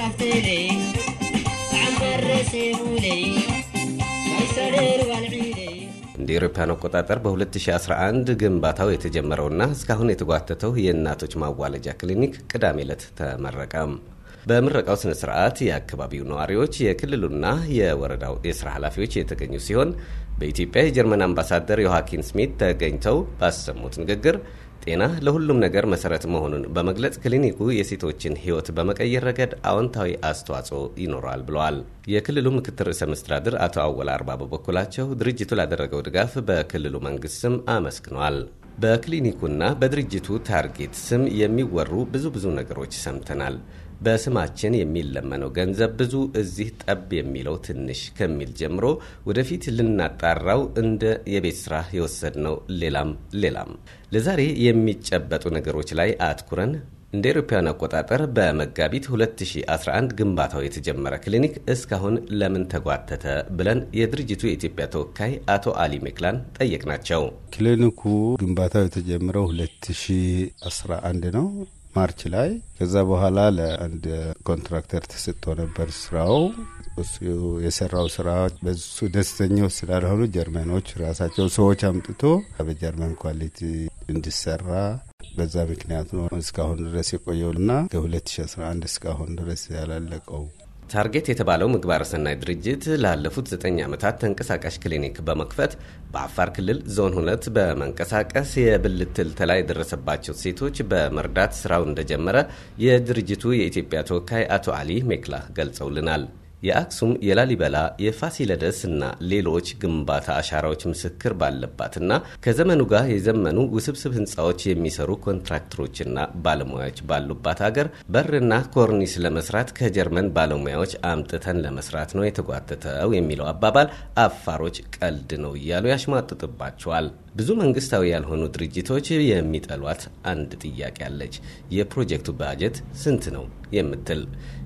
እንደ አውሮፓውያን አቆጣጠር በ2011 ግንባታው የተጀመረውና እስካሁን የተጓተተው የእናቶች ማዋለጃ ክሊኒክ ቅዳሜ ዕለት ተመረቀም። በምረቃው ስነ ስርዓት የአካባቢው ነዋሪዎች፣ የክልሉና የወረዳው የስራ ኃላፊዎች የተገኙ ሲሆን በኢትዮጵያ የጀርመን አምባሳደር ዮሐኪን ስሚት ተገኝተው ባሰሙት ንግግር ጤና ለሁሉም ነገር መሰረት መሆኑን በመግለጽ ክሊኒኩ የሴቶችን ሕይወት በመቀየር ረገድ አዎንታዊ አስተዋጽኦ ይኖረዋል ብለዋል። የክልሉ ምክትል ርዕሰ መስተዳድር አቶ አወል አርባ በበኩላቸው ድርጅቱ ላደረገው ድጋፍ በክልሉ መንግስት ስም አመስግነዋል። በክሊኒኩና በድርጅቱ ታርጌት ስም የሚወሩ ብዙ ብዙ ነገሮች ሰምተናል። በስማችን የሚለመነው ገንዘብ ብዙ፣ እዚህ ጠብ የሚለው ትንሽ ከሚል ጀምሮ ወደፊት ልናጣራው እንደ የቤት ስራ የወሰድነው ሌላም ሌላም ለዛሬ የሚጨበጡ ነገሮች ላይ አትኩረን እንደ አውሮፓውያን አቆጣጠር በመጋቢት 2011 ግንባታው የተጀመረ ክሊኒክ እስካሁን ለምን ተጓተተ ብለን የድርጅቱ የኢትዮጵያ ተወካይ አቶ አሊ ሜክላን ጠየቅናቸው። ክሊኒኩ ግንባታው የተጀመረው 2011 ነው። ማርች ላይ። ከዛ በኋላ ለአንድ ኮንትራክተር ተሰጥቶ ነበር ስራው። እሱ የሰራው ስራ በሱ ደስተኛው ስላልሆኑ ጀርመኖች ራሳቸው ሰዎች አምጥቶ በጀርመን ኳሊቲ እንዲሰራ በዛ ምክንያቱ እስካሁን ድረስ የቆየውና ከ2011 እስካሁን ድረስ ያላለቀው ታርጌት የተባለው ምግባረ ሰናይ ድርጅት ላለፉት ዘጠኝ ዓመታት ተንቀሳቃሽ ክሊኒክ በመክፈት በአፋር ክልል ዞን ሁለት በመንቀሳቀስ የብልት ትልተላ የደረሰባቸው ሴቶች በመርዳት ስራው እንደጀመረ የድርጅቱ የኢትዮጵያ ተወካይ አቶ አሊ ሜክላህ ገልጸውልናል። የአክሱም፣ የላሊበላ፣ የፋሲለደስ እና ሌሎች ግንባታ አሻራዎች ምስክር ባለባትና ከዘመኑ ጋር የዘመኑ ውስብስብ ህንፃዎች የሚሰሩ ኮንትራክተሮችና ባለሙያዎች ባሉባት ሀገር በርና ኮርኒስ ለመስራት ከጀርመን ባለሙያዎች አምጥተን ለመስራት ነው የተጓተተው የሚለው አባባል አፋሮች ቀልድ ነው እያሉ ያሽሟጥጥባቸዋል። ብዙ መንግስታዊ ያልሆኑ ድርጅቶች የሚጠሏት አንድ ጥያቄ አለች። የፕሮጀክቱ ባጀት ስንት ነው የምትል።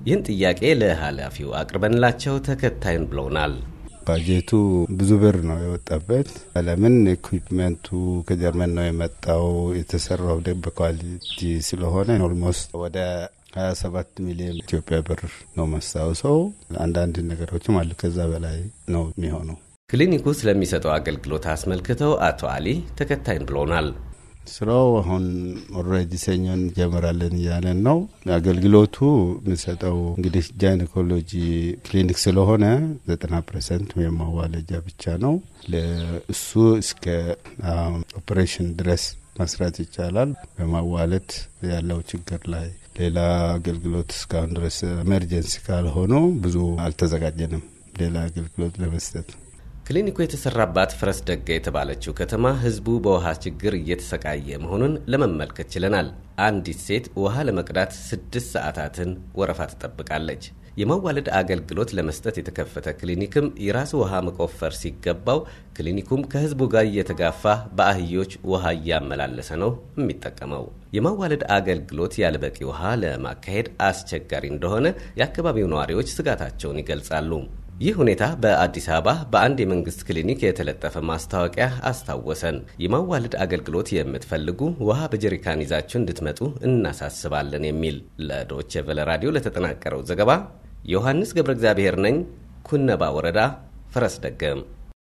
ይህን ጥያቄ ለኃላፊው አቅርበንላቸው ተከታይን ብለውናል። ባጀቱ ብዙ ብር ነው የወጣበት። ለምን ኢኩዊፕመንቱ ከጀርመን ነው የመጣው። የተሰራው ደብ ኳሊቲ ስለሆነ ኦልሞስት ወደ 27 ሚሊዮን ኢትዮጵያ ብር ነው መሳውሰው። አንዳንድ ነገሮችም አሉ። ከዛ በላይ ነው የሚሆነው ክሊኒኩ ስለሚሰጠው አገልግሎት አስመልክተው አቶ አሊ ተከታይን ብሎናል። ስራው አሁን ኦልሬዲ ሰኞን ጀምራለን እያለን ነው። አገልግሎቱ የሚሰጠው እንግዲህ ጃይኒኮሎጂ ክሊኒክ ስለሆነ ዘጠና ፐርሰንት የማዋለጃ ብቻ ነው። ለእሱ እስከ ኦፕሬሽን ድረስ መስራት ይቻላል። በማዋለት ያለው ችግር ላይ ሌላ አገልግሎት እስካሁን ድረስ ኤመርጀንሲ ካልሆኑ ብዙ አልተዘጋጀንም ሌላ አገልግሎት ለመስጠት ክሊኒኩ የተሰራባት ፈረስ ደጋ የተባለችው ከተማ ህዝቡ በውሃ ችግር እየተሰቃየ መሆኑን ለመመልከት ችለናል። አንዲት ሴት ውሃ ለመቅዳት ስድስት ሰዓታትን ወረፋ ትጠብቃለች። የማዋለድ አገልግሎት ለመስጠት የተከፈተ ክሊኒክም የራስ ውሃ መቆፈር ሲገባው፣ ክሊኒኩም ከህዝቡ ጋር እየተጋፋ በአህዮች ውሃ እያመላለሰ ነው የሚጠቀመው። የማዋለድ አገልግሎት ያለበቂ ውሃ ለማካሄድ አስቸጋሪ እንደሆነ የአካባቢው ነዋሪዎች ስጋታቸውን ይገልጻሉ። ይህ ሁኔታ በአዲስ አበባ በአንድ የመንግስት ክሊኒክ የተለጠፈ ማስታወቂያ አስታወሰን። የማዋለድ አገልግሎት የምትፈልጉ ውሃ በጀሪካን ይዛችሁ እንድትመጡ እናሳስባለን የሚል። ለዶቼ ራዲዮ ለተጠናቀረው ዘገባ ዮሐንስ ገብረ እግዚአብሔር ነኝ፣ ኩነባ ወረዳ፣ ፈረስ ደገም